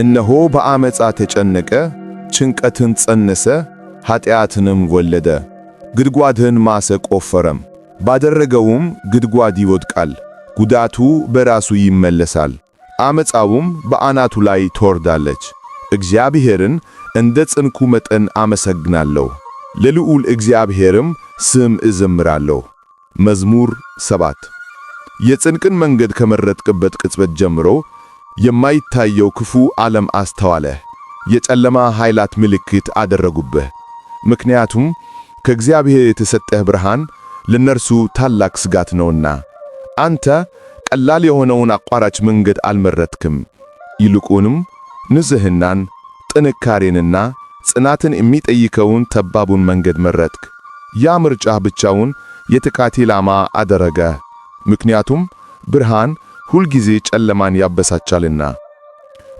እነሆ በአመፃ ተጨነቀ፣ ጭንቀትን ጸነሰ፣ ኃጢአትንም ወለደ። ግድጓድህን ማሰ ቆፈረም፣ ባደረገውም ግድጓድ ይወድቃል። ጉዳቱ በራሱ ይመለሳል፣ አመፃውም በአናቱ ላይ ትወርዳለች። እግዚአብሔርን እንደ ጽንኩ መጠን አመሰግናለሁ፣ ለልዑል እግዚአብሔርም ስም እዘምራለሁ። መዝሙር ሰባት የጽንቅን መንገድ ከመረጥቅበት ቅጽበት ጀምሮ የማይታየው ክፉ ዓለም አስተዋለህ፣ የጨለማ ኃይላት ምልክት አደረጉብህ። ምክንያቱም ከእግዚአብሔር የተሰጠህ ብርሃን ለእነርሱ ታላቅ ስጋት ነውና፣ አንተ ቀላል የሆነውን አቋራጭ መንገድ አልመረጥክም። ይልቁንም ንጽሕናን፣ ጥንካሬንና ጽናትን የሚጠይቀውን ተባቡን መንገድ መረጥክ። ያ ምርጫ ብቻውን የጥቃት ኢላማ አደረገ። ምክንያቱም ብርሃን ሁልጊዜ ጨለማን ያበሳጫልና።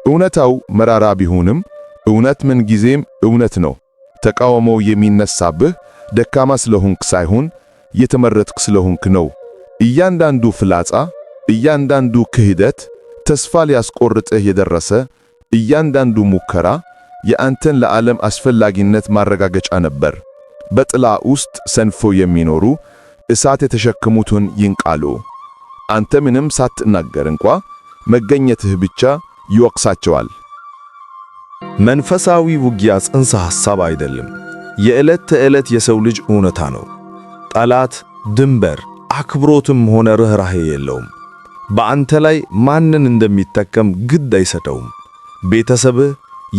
እውነታው መራራ ቢሆንም እውነት ምን ጊዜም እውነት ነው። ተቃውሞው የሚነሳብህ ደካማ ስለሆንክ ሳይሆን የተመረጥክ ስለሆንክ ነው። እያንዳንዱ ፍላጻ፣ እያንዳንዱ ክህደት፣ ተስፋ ሊያስቆርጥህ የደረሰ እያንዳንዱ ሙከራ የአንተን ለዓለም አስፈላጊነት ማረጋገጫ ነበር። በጥላ ውስጥ ሰንፎ የሚኖሩ እሳት የተሸከሙትን ይንቃሉ። አንተ ምንም ሳትናገር እንኳ መገኘትህ ብቻ ይወቅሳቸዋል። መንፈሳዊ ውጊያ ጽንሰ ሐሳብ አይደለም፣ የዕለት ተዕለት የሰው ልጅ እውነታ ነው። ጠላት ድንበር፣ አክብሮትም ሆነ ርህራህ የለውም። በአንተ ላይ ማንን እንደሚጠቀም ግድ አይሰጠውም። ቤተሰብህ፣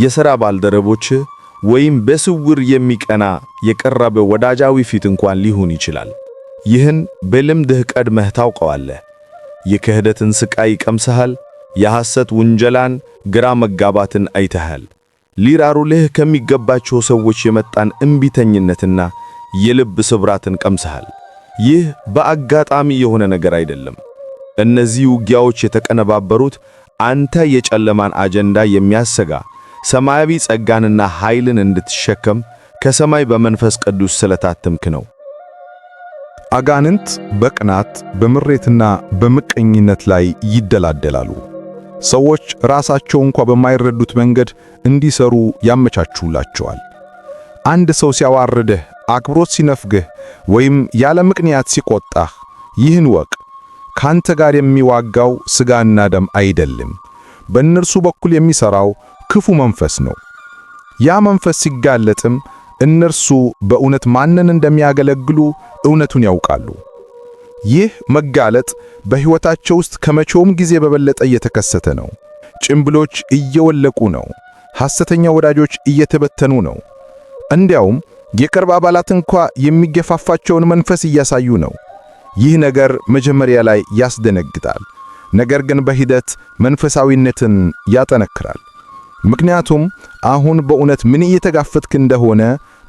የሥራ ባልደረቦችህ ወይም በስውር የሚቀና የቀረበ ወዳጃዊ ፊት እንኳን ሊሆን ይችላል። ይህን በልምድህ ቀድመህ ታውቀዋለህ። የክህደትን ስቃይ ይቀምሰሃል። የሐሰት ውንጀላን፣ ግራ መጋባትን አይተሃል። ሊራሩልህ ከሚገባቸው ሰዎች የመጣን እምቢተኝነትና የልብ ስብራትን ቀምሰሃል። ይህ በአጋጣሚ የሆነ ነገር አይደለም። እነዚህ ውጊያዎች የተቀነባበሩት አንተ የጨለማን አጀንዳ የሚያሰጋ ሰማያዊ ጸጋንና ኃይልን እንድትሸከም ከሰማይ በመንፈስ ቅዱስ ስለታተምክ ነው። አጋንንት በቅናት በምሬትና በምቀኝነት ላይ ይደላደላሉ። ሰዎች ራሳቸው እንኳ በማይረዱት መንገድ እንዲሰሩ ያመቻቹላቸዋል። አንድ ሰው ሲያዋርድህ፣ አክብሮት ሲነፍግህ ወይም ያለ ምክንያት ሲቆጣህ፣ ይህን ወቅ ካንተ ጋር የሚዋጋው ሥጋና ደም አይደለም፣ በእነርሱ በኩል የሚሠራው ክፉ መንፈስ ነው። ያ መንፈስ ሲጋለጥም እነርሱ በእውነት ማንን እንደሚያገለግሉ እውነቱን ያውቃሉ። ይህ መጋለጥ በሕይወታቸው ውስጥ ከመቼውም ጊዜ በበለጠ እየተከሰተ ነው። ጭምብሎች እየወለቁ ነው። ሐሰተኛ ወዳጆች እየተበተኑ ነው። እንዲያውም የቅርብ አባላት እንኳ የሚገፋፋቸውን መንፈስ እያሳዩ ነው። ይህ ነገር መጀመሪያ ላይ ያስደነግጣል፣ ነገር ግን በሂደት መንፈሳዊነትን ያጠነክራል። ምክንያቱም አሁን በእውነት ምን እየተጋፈጥክ እንደሆነ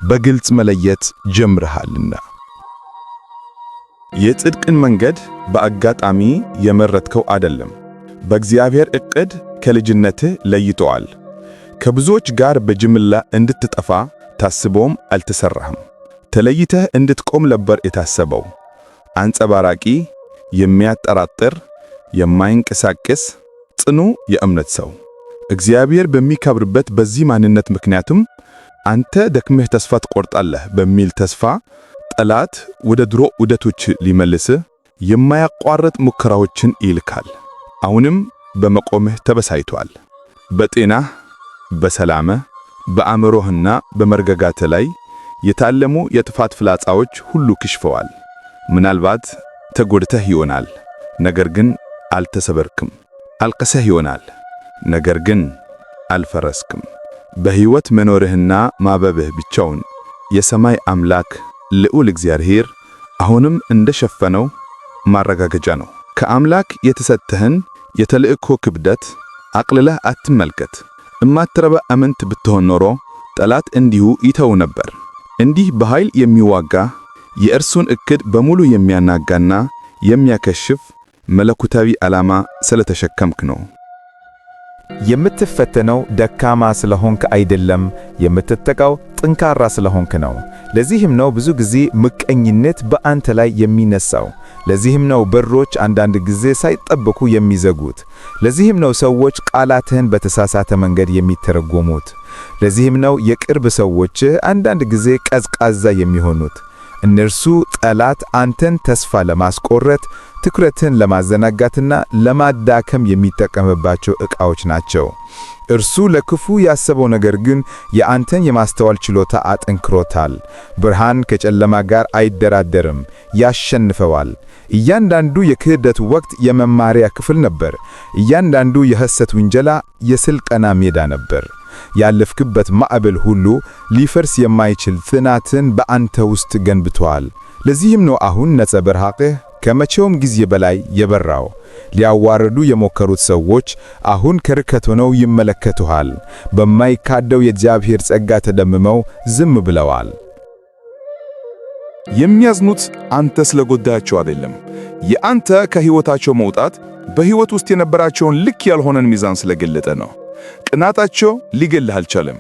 በግልጽ መለየት ጀምረሃልና። የጽድቅን መንገድ በአጋጣሚ የመረጥከው አይደለም። በእግዚአብሔር ዕቅድ ከልጅነትህ ለይቶዋል። ከብዙዎች ጋር በጅምላ እንድትጠፋ ታስቦም አልተሰራህም። ተለይተህ እንድትቆም ነበር የታሰበው። አንጸባራቂ፣ የሚያጠራጥር፣ የማይንቀሳቀስ ጽኑ የእምነት ሰው እግዚአብሔር በሚከብርበት በዚህ ማንነት ምክንያትም አንተ ደክመህ ተስፋ ትቆርጣለህ በሚል ተስፋ ጠላት ወደ ድሮ ዑደቶች ሊመልስ የማያቋርጥ ሙከራዎችን ይልካል። አሁንም በመቆምህ ተበሳይቷል። በጤናህ፣ በሰላምህ፣ በአእምሮህና በመረጋጋትህ ላይ የታለሙ የጥፋት ፍላጻዎች ሁሉ ክሽፈዋል። ምናልባት ተጎድተህ ይሆናል፣ ነገር ግን አልተሰበርክም። አልቅሰህ ይሆናል ነገር ግን አልፈረስክም። በሕይወት መኖርህና ማበብህ ብቻውን የሰማይ አምላክ ልዑል እግዚአብሔር አሁንም እንደሸፈነው ማረጋገጫ ነው። ከአምላክ የተሰጠህን የተልእኮ ክብደት አቅልለህ አትመልከት። እማትረባ አመንት ብትሆን ኖሮ ጠላት እንዲሁ ይተው ነበር። እንዲህ በኃይል የሚዋጋ የእርሱን እክድ በሙሉ የሚያናጋና የሚያከሽፍ መለኮታዊ ዓላማ ስለተሸከምክ ነው። የምትፈተነው ደካማ ስለሆንክ አይደለም፣ የምትጠቃው ጠንካራ ስለሆንክ ነው። ለዚህም ነው ብዙ ጊዜ ምቀኝነት በአንተ ላይ የሚነሳው። ለዚህም ነው በሮች አንዳንድ ጊዜ ሳይጠበቁ የሚዘጉት። ለዚህም ነው ሰዎች ቃላትህን በተሳሳተ መንገድ የሚተረጎሙት። ለዚህም ነው የቅርብ ሰዎች አንዳንድ ጊዜ ቀዝቃዛ የሚሆኑት። እነርሱ ጠላት አንተን ተስፋ ለማስቆረጥ ትኩረትን ለማዘናጋትና ለማዳከም የሚጠቀምባቸው ዕቃዎች ናቸው። እርሱ ለክፉ ያሰበው ነገር ግን የአንተን የማስተዋል ችሎታ አጠንክሮታል። ብርሃን ከጨለማ ጋር አይደራደርም፣ ያሸንፈዋል። እያንዳንዱ የክህደት ወቅት የመማሪያ ክፍል ነበር። እያንዳንዱ የሐሰት ውንጀላ የስልጠና ሜዳ ነበር። ያለፍክበት ማዕበል ሁሉ ሊፈርስ የማይችል ጽናትን በአንተ ውስጥ ገንብቷል። ለዚህም ነው አሁን ነጸብራቅህ ከመቼውም ጊዜ በላይ የበራው። ሊያዋርዱ የሞከሩት ሰዎች አሁን ከርከት ሆነው ይመለከቱሃል። በማይካደው የእግዚአብሔር ጸጋ ተደምመው ዝም ብለዋል። የሚያዝኑት አንተ ስለጎዳቸው አይደለም። የአንተ ከሕይወታቸው መውጣት በሕይወት ውስጥ የነበራቸውን ልክ ያልሆነን ሚዛን ስለገለጠ ነው። ቅናታቸው ሊገልህ አልቻለም።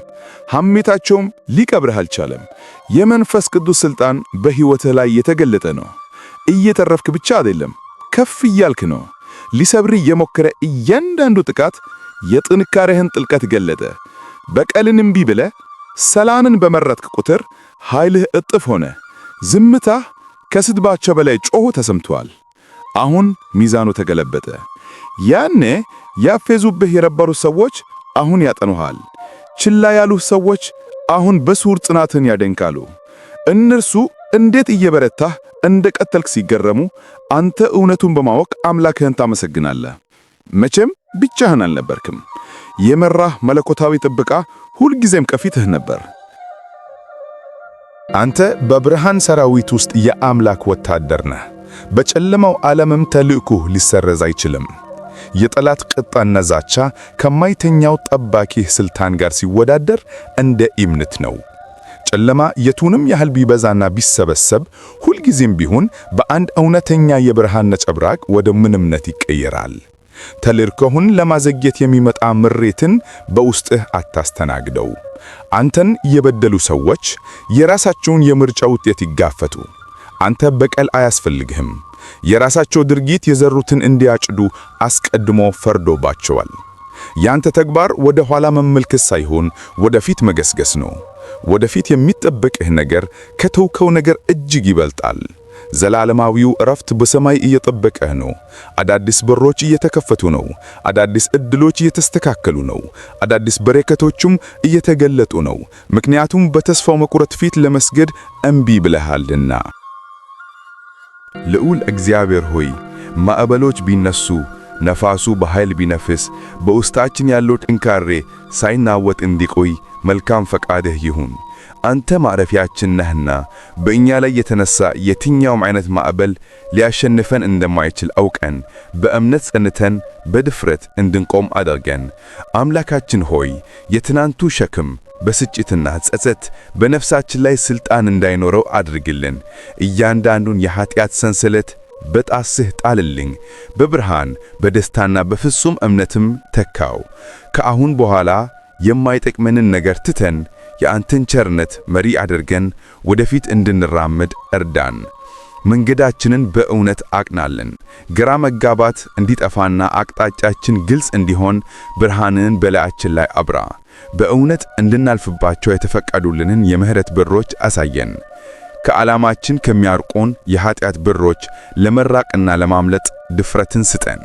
ሐሜታቸውም ሊቀብረህ አልቻለም። የመንፈስ ቅዱስ ሥልጣን በሕይወትህ ላይ የተገለጠ ነው። እየተረፍክ ብቻ አይደለም፣ ከፍ እያልክ ነው። ሊሰብርህ የሞከረ እያንዳንዱ ጥቃት የጥንካሬህን ጥልቀት ገለጠ። በቀልን እምቢ ብለህ ሰላምን በመረጥክ ቁጥር ኃይልህ እጥፍ ሆነ። ዝምታህ ከስድባቸው በላይ ጮኹ ተሰምቷል። አሁን ሚዛኑ ተገለበጠ። ያኔ ያፌዙብህ የነበሩ ሰዎች አሁን ያጠኑሃል። ችላ ያሉህ ሰዎች አሁን በሱር ጽናትን ያደንቃሉ። እነርሱ እንዴት እየበረታህ እንደ ቀጠልክ ሲገረሙ፣ አንተ እውነቱን በማወቅ አምላክህን ታመሰግናለህ። መቼም ብቻህን አልነበርክም። የመራህ መለኮታዊ ጥበቃ ሁልጊዜም ከፊትህ ነበር። አንተ በብርሃን ሰራዊት ውስጥ የአምላክ ወታደር ነህ። በጨለማው ዓለምም ተልእኩህ ሊሰረዝ አይችልም። የጠላት ቁጣና ዛቻ ከማይተኛው ጠባቂ ስልጣን ጋር ሲወዳደር እንደ እምነት ነው። ጨለማ የቱንም ያህል ቢበዛና ቢሰበሰብ ሁልጊዜም ቢሆን በአንድ እውነተኛ የብርሃን ነጸብራቅ ወደ ምንምነት ይቀየራል። ተልእኮህን ለማዘግየት የሚመጣ ምሬትን በውስጥህ አታስተናግደው። አንተን የበደሉ ሰዎች የራሳቸውን የምርጫ ውጤት ይጋፈቱ። አንተ በቀል አያስፈልግህም። የራሳቸው ድርጊት የዘሩትን እንዲያጭዱ አስቀድሞ ፈርዶባቸዋል። ያንተ ተግባር ወደ ኋላ መመልከት ሳይሆን ወደፊት መገስገስ ነው። ወደፊት የሚጠበቅህ ነገር ከተውከው ነገር እጅግ ይበልጣል። ዘላለማዊው እረፍት በሰማይ እየጠበቀህ ነው። አዳዲስ በሮች እየተከፈቱ ነው። አዳዲስ እድሎች እየተስተካከሉ ነው። አዳዲስ በረከቶችም እየተገለጡ ነው። ምክንያቱም በተስፋው መቁረጥ ፊት ለመስገድ እምቢ ብለሃልና። ልዑል እግዚአብሔር ሆይ ማዕበሎች ቢነሱ ነፋሱ በኃይል ቢነፍስ በውስጣችን ያለው ጥንካሬ ሳይናወጥ እንዲቆይ መልካም ፈቃድህ ይሁን። አንተ ማረፊያችን ነህና በእኛ ላይ የተነሳ የትኛውም አይነት ማዕበል ሊያሸንፈን እንደማይችል አውቀን በእምነት ጸንተን በድፍረት እንድንቆም አድርገን። አምላካችን ሆይ የትናንቱ ሸክም በስጭትና ጸጸት በነፍሳችን ላይ ሥልጣን እንዳይኖረው አድርግልን። እያንዳንዱን የኀጢአት ሰንሰለት በጣስህ ጣልልኝ። በብርሃን በደስታና በፍጹም እምነትም ተካው። ከአሁን በኋላ የማይጠቅመንን ነገር ትተን የአንተን ቸርነት መሪ አድርገን ወደፊት እንድንራመድ እርዳን። መንገዳችንን በእውነት አቅናለን ግራ መጋባት እንዲጠፋና አቅጣጫችን ግልጽ እንዲሆን ብርሃንን በላያችን ላይ አብራ። በእውነት እንድናልፍባቸው የተፈቀዱልንን የምህረት በሮች አሳየን። ከዓላማችን ከሚያርቁን የኃጢአት በሮች ለመራቅና ለማምለጥ ድፍረትን ስጠን።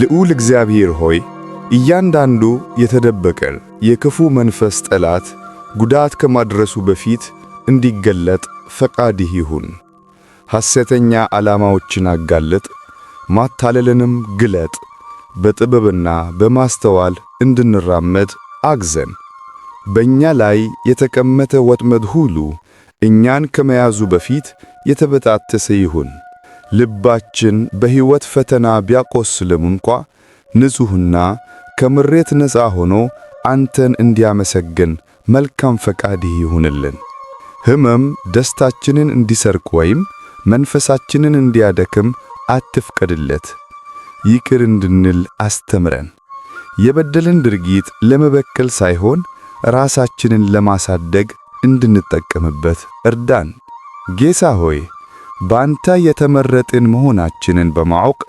ልዑል እግዚአብሔር ሆይ እያንዳንዱ የተደበቀ የክፉ መንፈስ ጠላት ጉዳት ከማድረሱ በፊት እንዲገለጥ ፈቃድህ ይሁን። ሐሰተኛ ዓላማዎችን አጋልጥ፣ ማታለልንም ግለጥ። በጥበብና በማስተዋል እንድንራመድ አግዘን። በእኛ ላይ የተቀመጠ ወጥመድ ሁሉ እኛን ከመያዙ በፊት የተበጣጠሰ ይሁን። ልባችን በሕይወት ፈተና ቢያቆስልም እንኳ ንጹሕና ከምሬት ነፃ ሆኖ አንተን እንዲያመሰግን መልካም ፈቃድህ ይሁንልን። ሕመም ደስታችንን እንዲሰርቅ ወይም መንፈሳችንን እንዲያደክም አትፍቀድለት። ይቅር እንድንል አስተምረን። የበደልን ድርጊት ለመበቀል ሳይሆን ራሳችንን ለማሳደግ እንድንጠቀምበት እርዳን። ጌታ ሆይ በአንተ የተመረጥን መሆናችንን በማወቅ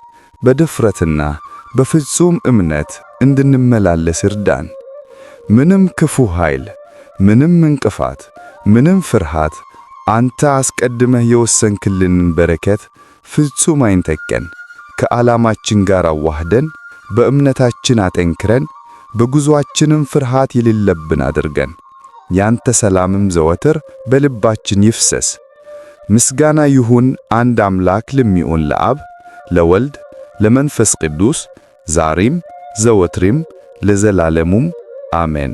በድፍረትና በፍጹም እምነት እንድንመላለስ እርዳን። ምንም ክፉ ኃይል፣ ምንም እንቅፋት፣ ምንም ፍርሃት አንተ አስቀድመህ የወሰንክልንን በረከት ፍጹም አይንጠቀን። ከዓላማችን ጋር አዋህደን በእምነታችን አጠንክረን በጉዞአችንም ፍርሃት የሌለብን አድርገን ያንተ ሰላምም ዘወትር በልባችን ይፍሰስ። ምስጋና ይሁን አንድ አምላክ ለሚሆን ለአብ ለወልድ ለመንፈስ ቅዱስ ዛሬም ዘወትሪም ለዘላለሙም አሜን።